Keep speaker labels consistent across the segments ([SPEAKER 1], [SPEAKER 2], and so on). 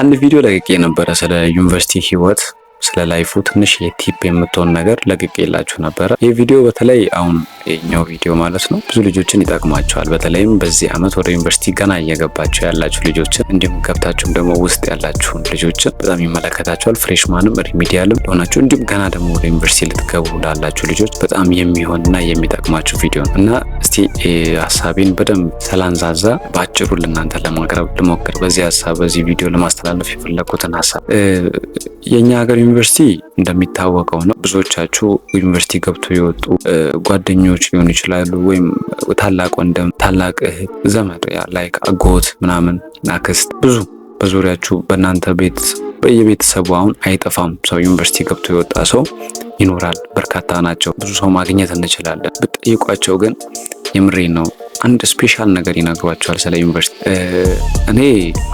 [SPEAKER 1] አንድ ቪዲዮ ለቅቄ የነበረ ስለ ዩኒቨርሲቲ ህይወት ስለ ላይፉ ትንሽ የቲፕ የምትሆን ነገር ለቅቄላችሁ ነበረ። ይህ ቪዲዮ በተለይ አሁን የኛው ቪዲዮ ማለት ነው ብዙ ልጆችን ይጠቅማቸዋል። በተለይም በዚህ አመት ወደ ዩኒቨርሲቲ ገና እየገባችሁ ያላችሁ ልጆችን እንዲሁም ገብታችሁም ደግሞ ውስጥ ያላችሁን ልጆችን በጣም ይመለከታቸዋል። ፍሬሽማንም ሪሚዲያልም ለሆናችሁ እንዲሁም ገና ደግሞ ወደ ዩኒቨርሲቲ ልትገቡ ላላችሁ ልጆች በጣም የሚሆንና የሚጠቅማችሁ ቪዲዮ ነው እና እስቲ ሀሳቤን በደንብ ሰላንዛዛ በአጭሩ ልናንተ ለማቅረብ ልሞክር። በዚህ ሀሳብ በዚህ ቪዲዮ ለማስተላለፍ የፈለግኩትን ሀሳብ የእኛ ሀገር ዩኒቨርሲቲ እንደሚታወቀው ነው። ብዙዎቻችሁ ዩኒቨርሲቲ ገብቶ የወጡ ጓደኞች ሊሆኑ ይችላሉ፣ ወይም ታላቅ ወንድም፣ ታላቅ እህት፣ ዘመድ ላይክ አጎት ምናምን፣ አክስት ብዙ በዙሪያችሁ በእናንተ ቤት በየቤተሰቡ አሁን አይጠፋም ሰው ዩኒቨርሲቲ ገብቶ የወጣ ሰው ይኖራል። በርካታ ናቸው። ብዙ ሰው ማግኘት እንችላለን። ብጠይቋቸው ግን የምሬ ነው አንድ ስፔሻል ነገር ይነግሯቸዋል ስለ ዩኒቨርሲቲ። እኔ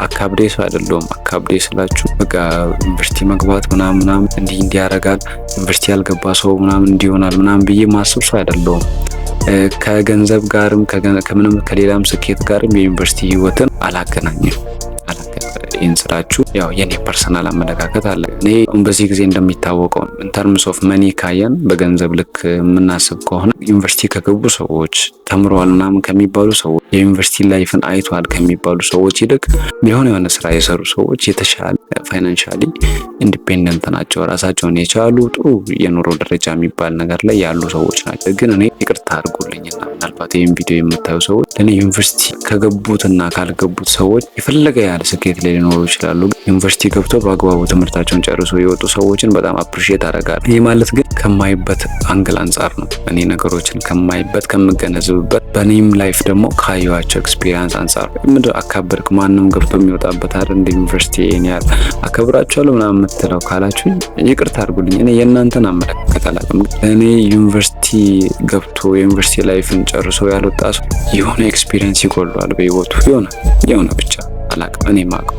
[SPEAKER 1] አካብዴ ሰው አይደለሁም። አካብዴ ስላችሁ በቃ ዩኒቨርሲቲ መግባት ምናምን ምናምን እንዲህ እንዲህ ያደርጋል ዩኒቨርሲቲ ያልገባ ሰው ምናምን እንዲሆናል ምናምን ብዬ ማስብ ሰው አይደለሁም። ከገንዘብ ጋርም ከምንም ከሌላም ስኬት ጋርም የዩኒቨርሲቲ ህይወትን አላገናኝም። ይህን ስላችሁ ያው የኔ ፐርሰናል አመለካከት አለ። እኔ በዚህ ጊዜ እንደሚታወቀው ኢንተርምስ ኦፍ መኒ ካየን በገንዘብ ልክ የምናስብ ከሆነ ዩኒቨርሲቲ ከገቡ ሰዎች ተምረዋል ምናምን ከሚባሉ ሰዎች የዩኒቨርሲቲ ላይፍን አይተዋል ከሚባሉ ሰዎች ይልቅ የሆነ የሆነ ስራ የሰሩ ሰዎች የተሻለ ፋይናንሻሊ ኢንዲፔንደንት ናቸው። ራሳቸውን የቻሉ ጥሩ የኑሮ ደረጃ የሚባል ነገር ላይ ያሉ ሰዎች ናቸው። ግን እኔ ይቅርታ አድርጉልኝና ምናልባት ይህም ቪዲዮ የምታዩ ሰዎች ለእኔ ዩኒቨርሲቲ ከገቡትና ካልገቡት ሰዎች የፈለገ ያህል ስኬት ላይ ሊኖሩ ሊኖሩ ይችላሉ። ዩኒቨርሲቲ ገብቶ በአግባቡ ትምህርታቸውን ጨርሶ የወጡ ሰዎችን በጣም አፕሪሺየት አደርጋለሁ። ይህ ማለት ግን ከማይበት አንግል አንጻር ነው። እኔ ነገሮችን ከማይበት ከምገነዝብበት፣ በኔም ላይፍ ደግሞ ካየኋቸው ኤክስፒሪንስ አንጻር ምድር አካበድክ ማንም ገብቶ የሚወጣበት አይደል እንደ ዩኒቨርሲቲ ይሄን ያህል አከብራቸዋለሁ ምናምን የምትለው ካላችሁኝ ይቅርታ አድርጉልኝ። እኔ የእናንተን አመለካከት አላውቅም። እኔ ዩኒቨርሲቲ ገብቶ የዩኒቨርሲቲ ላይፍን ጨርሶ ያልወጣ ሰው የሆነ ኤክስፒሪንስ ይጎሏል በህይወቱ የሆነ የሆነ ብቻ አላውቅም እኔ የማውቀው።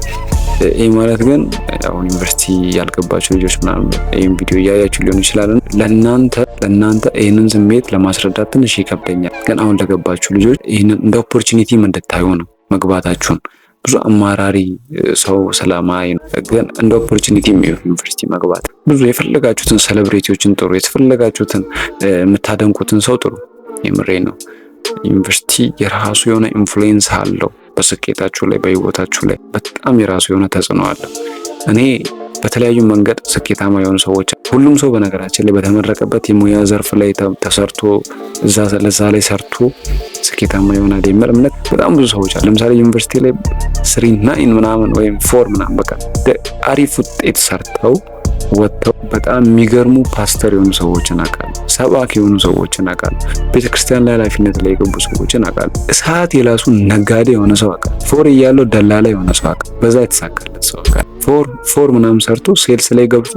[SPEAKER 1] ይህ ማለት ግን አሁን ዩኒቨርሲቲ ያልገባቸው ልጆች ምናምን ይህን ቪዲዮ እያያችሁ ሊሆን ይችላል። ለእናንተ ለእናንተ ይህንን ስሜት ለማስረዳት ትንሽ ይከብደኛል፣ ግን አሁን ለገባችሁ ልጆች ይህንን እንደ ኦፖርቹኒቲም እንድታዩ ነው መግባታችሁን ብዙ አማራሪ ሰው ስለማይ ነው። ግን እንደ ኦፖርቹኒቲ ዩኒቨርሲቲ መግባት ብዙ የፈለጋችሁትን ሴሌብሬቲዎችን ጥሩ፣ የተፈለጋችሁትን የምታደንቁትን ሰው ጥሩ። የምሬ ነው። ዩኒቨርሲቲ የራሱ የሆነ ኢንፍሉዌንስ አለው። በስኬታችሁ ላይ በህይወታችሁ ላይ በጣም የራሱ የሆነ ተጽዕኖ አለ። እኔ በተለያዩ መንገድ ስኬታማ የሆኑ ሰዎች ሁሉም ሰው በነገራችን ላይ በተመረቀበት የሙያ ዘርፍ ላይ ተሰርቶ ለዛ ላይ ሰርቶ ስኬታማ ይሆናል የሚል እምነት በጣም ብዙ ሰዎች አሉ። ለምሳሌ ዩኒቨርሲቲ ላይ ስሪ ናይን ምናምን ወይም ፎር ምናምን በቃ አሪፍ ውጤት ሰርተው ወጥተው በጣም የሚገርሙ ፓስተር የሆኑ ሰዎችን አውቃለሁ። ሰባክ የሆኑ ሰዎችን አውቃለሁ። ቤተክርስቲያን ላይ ኃላፊነት ላይ የገቡ ሰዎችን አውቃለሁ። እሳት የላሱ ነጋዴ የሆነ ሰው አውቃለሁ። ፎር እያለው ደላላ የሆነ ሰው አውቃለሁ። በዛ የተሳካለት ሰው አውቃለሁ። ፎር ፎር ምናምን ሰርቶ ሴልስ ላይ ገብቶ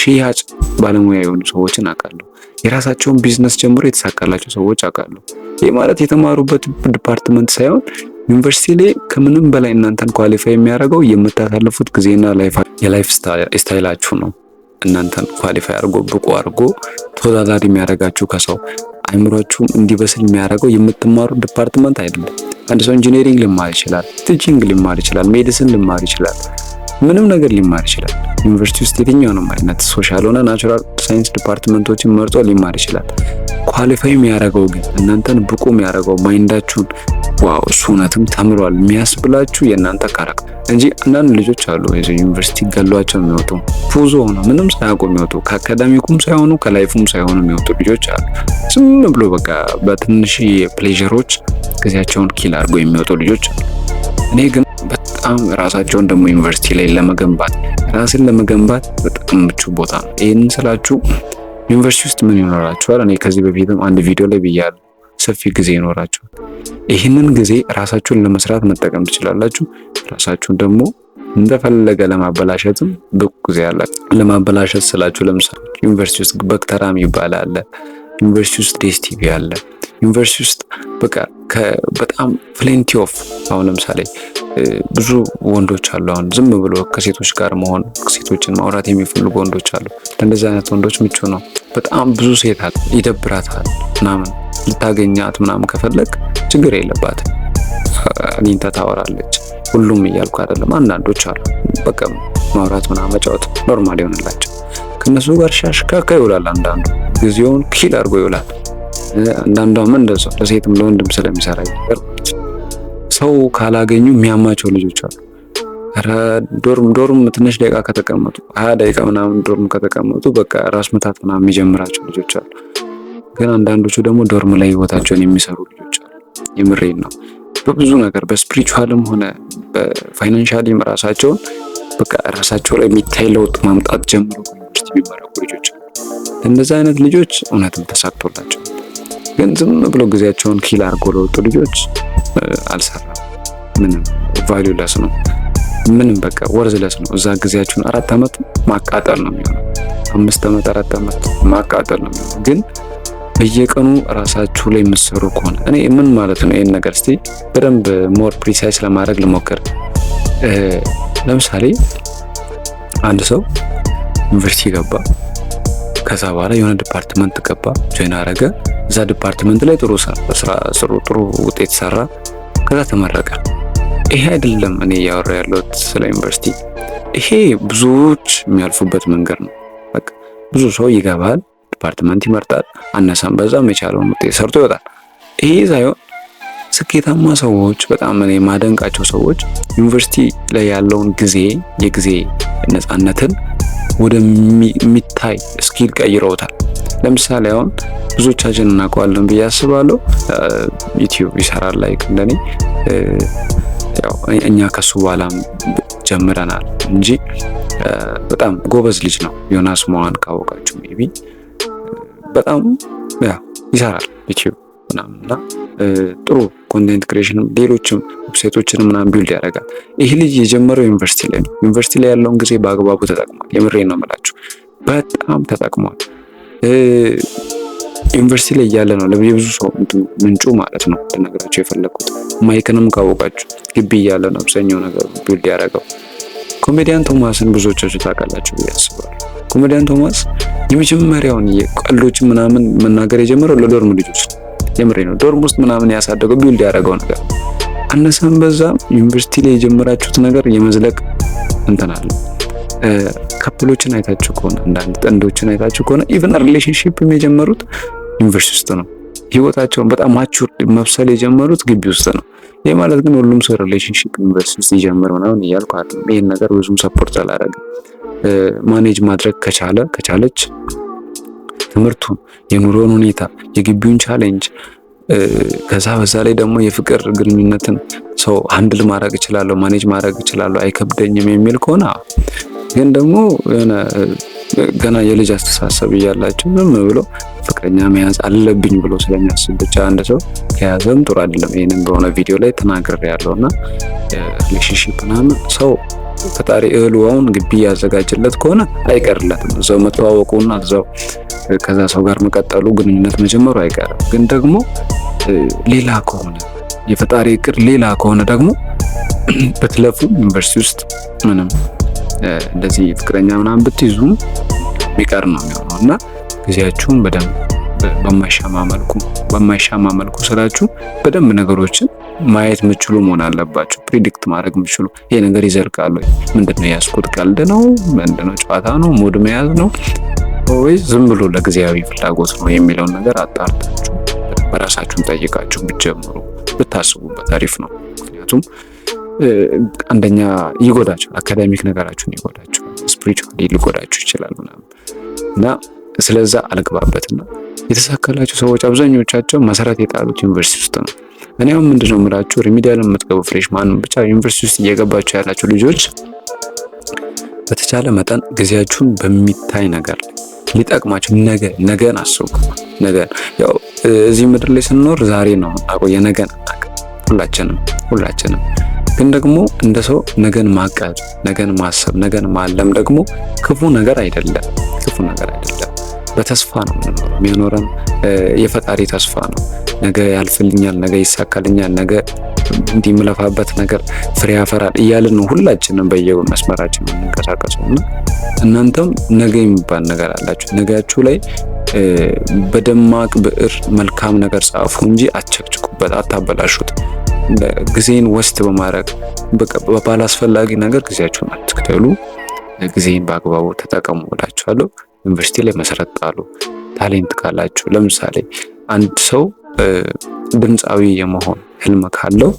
[SPEAKER 1] ሽያጭ ባለሙያ የሆኑ ሰዎችን አውቃለሁ። የራሳቸውን ቢዝነስ ጀምሮ የተሳካላቸው ሰዎች አውቃለሁ። ይህ ማለት የተማሩበት ዲፓርትመንት ሳይሆን ዩኒቨርሲቲ ላይ ከምንም በላይ እናንተን ኳሊፋይ የሚያደርገው የምታሳልፉት ጊዜና የላይፍ ስታይላችሁ ነው። እናንተን ኳሊፋይ አድርጎ ብቁ አድርጎ ተወዳዳሪ የሚያደርጋችሁ ከሰው አይምሯችሁ እንዲበስል የሚያደርገው የምትማሩ ዲፓርትመንት አይደለም። አንድ ሰው ኢንጂነሪንግ ልማር ይችላል፣ ቲቺንግ ልማር ይችላል፣ ሜዲሲን ልማር ይችላል። ምንም ነገር ሊማር ይችላል። ዩኒቨርሲቲ ውስጥ የትኛውንም አይነት ሶሻል ሆነ ናቹራል ሳይንስ ዲፓርትመንቶችን መርጦ ሊማር ይችላል። ኳሊፋይ የሚያደርገው ግን እናንተን ብቁ የሚያደርገው ማይንዳችሁን ዋው እሱ እውነትም ተምሯል የሚያስብላችሁ የእናንተ ካራክተር እንጂ አንዳንድ ልጆች አሉ ዩኒቨርሲቲ ገሏቸው የሚወጡ ፉዞ ሆነ ምንም ሳያውቁ የሚወጡ ከአካዳሚኩም ሳይሆኑ ከላይፉም ሳይሆኑ የሚወጡ ልጆች አሉ። ዝም ብሎ በቃ በትንሽ የፕሌዥሮች ጊዜያቸውን ኪል አድርጎ የሚወጡ ልጆች አሉ። እኔ ግን በጣም ራሳቸውን ደግሞ ዩኒቨርሲቲ ላይ ለመገንባት ራስን ለመገንባት በጣም ምቹ ቦታ ነው። ይህንን ስላችሁ ዩኒቨርሲቲ ውስጥ ምን ይኖራችኋል? እኔ ከዚህ በፊትም አንድ ቪዲዮ ላይ ብያለሁ። ሰፊ ጊዜ ይኖራችኋል። ይህንን ጊዜ ራሳችሁን ለመስራት መጠቀም ትችላላችሁ። ራሳችሁን ደግሞ እንደፈለገ ለማበላሸትም ብቁ ጊዜ አላችሁ። ለማበላሸት ስላችሁ ለምሳሌ ዩኒቨርሲቲ ውስጥ በክተራም ይባላል። ዩኒቨርሲቲ ውስጥ ዴስቲቪ አለ። ዩኒቨርሲቲ ውስጥ በቃ በጣም ፕሌንቲ ኦፍ አሁን ለምሳሌ ብዙ ወንዶች አሉ። አሁን ዝም ብሎ ከሴቶች ጋር መሆን ሴቶችን ማውራት የሚፈልጉ ወንዶች አሉ። ለእንደዚህ አይነት ወንዶች ምቹ ነው። በጣም ብዙ ሴት አለ፣ ይደብራታል ምናምን። ልታገኛት ምናምን ከፈለግ ችግር የለባትም አግኝታ ታወራለች። ሁሉም እያልኩ አይደለም፣ አንዳንዶች አሉ በቃ ማውራት ምናምን መጫወት ኖርማል ይሆንላቸው። ከእነሱ ጋር ሻሽካካ ይውላል። አንዳንዱ ጊዜውን ኪል አድርጎ ይውላል። አንዳንዷም እንደዛ ለሴትም ለወንድም ስለሚሰራ ነገር ሰው ካላገኙ የሚያማቸው ልጆች አሉ። ዶርም ዶርም ትንሽ ደቂቃ ከተቀመጡ ሀያ ደቂቃ ምናምን ዶርም ከተቀመጡ በቃ ራስ ምታት ምናምን የሚጀምራቸው ልጆች አሉ። ግን አንዳንዶቹ ደግሞ ዶርም ላይ ህይወታቸውን የሚሰሩ ልጆች አሉ። የምሬን ነው። በብዙ ነገር በስፕሪቹዋልም ሆነ በፋይናንሻሊም ራሳቸውን በቃ ራሳቸው ላይ የሚታይ ለውጥ ማምጣት ጀምሮ ዩኒቨርሲቲ የሚመረቁ ልጆች እንደዚህ አይነት ልጆች እውነትም ተሳክቶላቸው ግን ዝም ብሎ ጊዜያቸውን ኪል አድርጎ ለወጡ ልጆች አልሰራም። ምንም ቫሊዩ ለስ ነው። ምንም በቃ ወርዝ ለስ ነው። እዛ ጊዜያችሁን አራት ዓመት ማቃጠል ነው የሚሆነው። አምስት ዓመት አራት ዓመት ማቃጠል ነው የሚሆነው። ግን በየቀኑ ራሳችሁ ላይ የምትሰሩ ከሆነ እኔ ምን ማለት ነው? ይህን ነገር እስቲ በደንብ ሞር ፕሪሳይስ ለማድረግ ልሞክር። ለምሳሌ አንድ ሰው ዩኒቨርሲቲ ገባ ከዛ በኋላ የሆነ ዲፓርትመንት ገባ፣ ጆይን አረገ። እዛ ዲፓርትመንት ላይ ጥሩ ጥሩ ውጤት ሰራ። ከዛ ተመረቀ። ይሄ አይደለም እኔ እያወራ ያለሁት ስለ ዩኒቨርሲቲ። ይሄ ብዙዎች የሚያልፉበት መንገድ ነው። በቃ ብዙ ሰው ይገባል፣ ዲፓርትመንት ይመርጣል፣ አነሳም በዛም የቻለውን ውጤት ሰርቶ ይወጣል። ይሄ ሳይሆን ስኬታማ ሰዎች በጣም እኔ ማደንቃቸው ሰዎች ዩኒቨርሲቲ ላይ ያለውን ጊዜ የጊዜ ነፃነትን ወደሚታይ ስኪል ቀይረውታል። ለምሳሌ አሁን ብዙዎቻችን እናውቀዋለን ብዬ አስባለሁ። ዩቲዩብ ይሰራል ላይክ እንደኔ እኛ ከሱ በኋላም ጀምረናል እንጂ በጣም ጎበዝ ልጅ ነው። ዮናስ መዋን ካወቃችሁ ሜቢ በጣም ይሰራል ዩቲዩብ ምናምንና ጥሩ ኮንቴንት ክሬሽን፣ ሌሎችም ዌብሳይቶችን ምናምን ቢልድ ያደርጋል። ይህ ልጅ የጀመረው ዩኒቨርሲቲ ላይ ነው። ዩኒቨርሲቲ ላይ ያለውን ጊዜ በአግባቡ ተጠቅሟል። የምሬ ነው የምላችሁ፣ በጣም ተጠቅሟል። ዩኒቨርሲቲ ላይ እያለ ነው ለብዙ ሰው ምንጩ ማለት ነው ልነግራቸው የፈለግኩት። ማይክንም ካወቃችሁ ግቢ እያለ ነው አብዛኛው ነገር ቢልድ ያደረገው። ኮሜዲያን ቶማስን ብዙዎቻችሁ ታውቃላችሁ ብዬ አስባለሁ። ኮሜዲያን ቶማስ የመጀመሪያውን ቀልዶችን ምናምን መናገር የጀመረው ለዶርም ልጆች ነው። የምሬ ነው። ዶርም ውስጥ ምናምን ያሳደገው ቢውልድ ያደረገው ነገር አነሰም በዛም ዩኒቨርሲቲ ላይ የጀመራችሁት ነገር የመዝለቅ እንትን ካፕሎችን አይታችሁ ከሆነ አንዳንድ ጥንዶችን አይታችሁ ከሆነ ኢቨን ሪሌሽንሺፕ የጀመሩት ዩኒቨርሲቲ ውስጥ ነው። ህይወታቸውን በጣም ማቹር መብሰል የጀመሩት ግቢ ውስጥ ነው። ይህ ማለት ግን ሁሉም ሰው ሪሌሽንሺፕ ዩኒቨርሲቲ ውስጥ ይጀምር ምናምን እያልኩ አይደለም። ይህን ነገር ብዙም ሰፖርት አላደረግም። ማኔጅ ማድረግ ከቻለ ከቻለች ትምህርቱን፣ የኑሮን ሁኔታ፣ የግቢውን ቻሌንጅ ከዛ በዛ ላይ ደግሞ የፍቅር ግንኙነትን ሰው አንድል ማድረግ እችላለሁ፣ ማኔጅ ማድረግ እችላለሁ፣ አይከብደኝም የሚል ከሆነ ግን ደግሞ የሆነ ገና የልጅ አስተሳሰብ እያላቸው ዝም ብሎ ፍቅረኛ መያዝ አለብኝ ብሎ ስለሚያስብ ብቻ አንድ ሰው ከያዘም ጥሩ አይደለም። ይህንም በሆነ ቪዲዮ ላይ ተናግሬ ያለው እና ሪሌሽንሽፕ ምናምን ሰው ፈጣሪ እህል ውሃውን ግቢ ያዘጋጅለት ከሆነ አይቀርለትም። እዛው መተዋወቁና እዛው ከዛ ሰው ጋር መቀጠሉ ግንኙነት መጀመሩ አይቀርም። ግን ደግሞ ሌላ ከሆነ የፈጣሪ እቅድ ሌላ ከሆነ ደግሞ ብትለፉ ዩኒቨርሲቲ ውስጥ ምንም እንደዚህ ፍቅረኛ ምናምን ብትይዙ የሚቀር ነው የሚሆነው እና ጊዜያችሁን በደንብ በማይሻማ መልኩ በማይሻማ መልኩ ስላችሁ በደንብ ነገሮችን ማየት የምችሉ መሆን አለባችሁ። ፕሪዲክት ማድረግ የምችሉ ይሄ ነገር ይዘልቃሉ። ምንድነው ያስኩት? ቀልድ ነው? ምንድነው ጨዋታ ነው? ሙድ መያዝ ነው? ወይ ዝም ብሎ ለጊዜያዊ ፍላጎት ነው የሚለውን ነገር አጣርታችሁ በራሳችሁን ጠይቃችሁ ብትጀምሩ ብታስቡበት አሪፍ ነው። ምክንያቱም አንደኛ ይጎዳችኋል፣ አካዳሚክ ነገራችሁን ይጎዳችኋል፣ ስፒሪቹዋሊ ሊጎዳችሁ ይችላል ምናምን እና ስለዛ አልግባበትና የተሳካላቸው ሰዎች አብዛኞቻቸው መሰረት የጣሉት ዩኒቨርሲቲ ውስጥ ነው። እኔም ምንድነው የምላችሁ ሪሚዲያል የምትገቡ ፍሬሽ ማንም ብቻ ዩኒቨርሲቲ ውስጥ እየገባችሁ ያላችሁ ልጆች በተቻለ መጠን ጊዜያችሁን በሚታይ ነገር ሊጠቅማቸው ነገ ነገን አስቡ። ነገን ያው እዚህ ምድር ላይ ስንኖር ዛሬ ነው አቆ የነገን ሁላችንም ሁላችንም ግን ደግሞ እንደ ሰው ነገን ማቀድ፣ ነገን ማሰብ፣ ነገን ማለም ደግሞ ክፉ ነገር አይደለም። ክፉ ነገር አይደለም። በተስፋ ነው የሚኖረን የሚያኖረን የፈጣሪ ተስፋ ነው። ነገ ያልፍልኛል፣ ነገ ይሳካልኛል፣ ነገ እንዲምለፋበት ነገር ፍሬ ያፈራል እያልን ነው ሁላችንም በየመስመራችን የምንንቀሳቀሰው እና እናንተም ነገ የሚባል ነገር አላችሁ። ነገያችሁ ላይ በደማቅ ብዕር መልካም ነገር ጻፉ እንጂ አቸክችኩበት፣ አታበላሹት። ጊዜን ወስድ በማድረግ ባላስፈላጊ ነገር ጊዜያችሁን አትክተሉ። ጊዜን በአግባቡ ተጠቀሙ እላችኋለሁ። ዩኒቨርሲቲ ላይ መሰረት ጣሉ። ታሌንት ካላችሁ ለምሳሌ አንድ ሰው ድምፃዊ የመሆን ህልም ካለው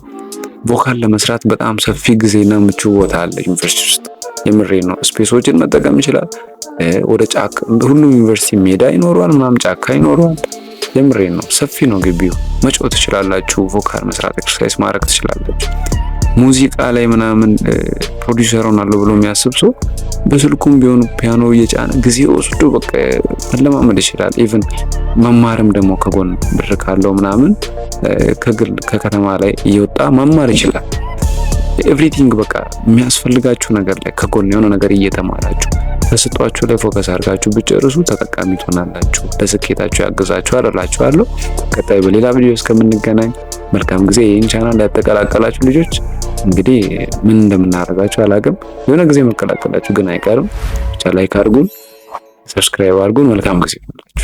[SPEAKER 1] ቮካል ለመስራት በጣም ሰፊ ጊዜና ምቹ ቦታ አለ ዩኒቨርሲቲ ውስጥ። የምሬ ነው። ስፔሶችን መጠቀም ይችላል። ወደ ጫካ ሁሉም ዩኒቨርሲቲ ሜዳ ይኖረዋል፣ ምናምን ጫካ ይኖረዋል። የምሬ ነው። ሰፊ ነው ግቢው። መጫወት ትችላላችሁ። ቮካል መስራት፣ ኤክሰርሳይዝ ማድረግ ትችላላችሁ። ሙዚቃ ላይ ምናምን ፕሮዲውሰር ሆናለሁ ብሎ የሚያስብ ሰው በስልኩም ቢሆን ፒያኖ እየጫነ ጊዜ ወስዶ በቃ መለማመድ ይችላል። ኢቨን መማርም ደግሞ ከጎን ብር ካለው ምናምን ከግል ከከተማ ላይ እየወጣ መማር ይችላል። ኤቭሪቲንግ በቃ የሚያስፈልጋችሁ ነገር ላይ ከጎን የሆነ ነገር እየተማራችሁ ተሰጧችሁ ላይ ፎከስ አድርጋችሁ ብጨርሱ ተጠቃሚ ትሆናላችሁ። ለስኬታችሁ ያግዛችሁ አደላችኋለሁ። ቀጣይ በሌላ ቪዲዮ እስከምንገናኝ መልካም ጊዜ። ይህን ቻናል ያልተቀላቀላችሁ ልጆች እንግዲህ ምን እንደምናደርጋቸው አላቅም። የሆነ ጊዜ መቀላቀላችሁ ግን አይቀርም። ብቻ ላይክ አድርጉን፣ ሰብስክራይብ አድርጉን። መልካም ጊዜ ይሁንላችሁ።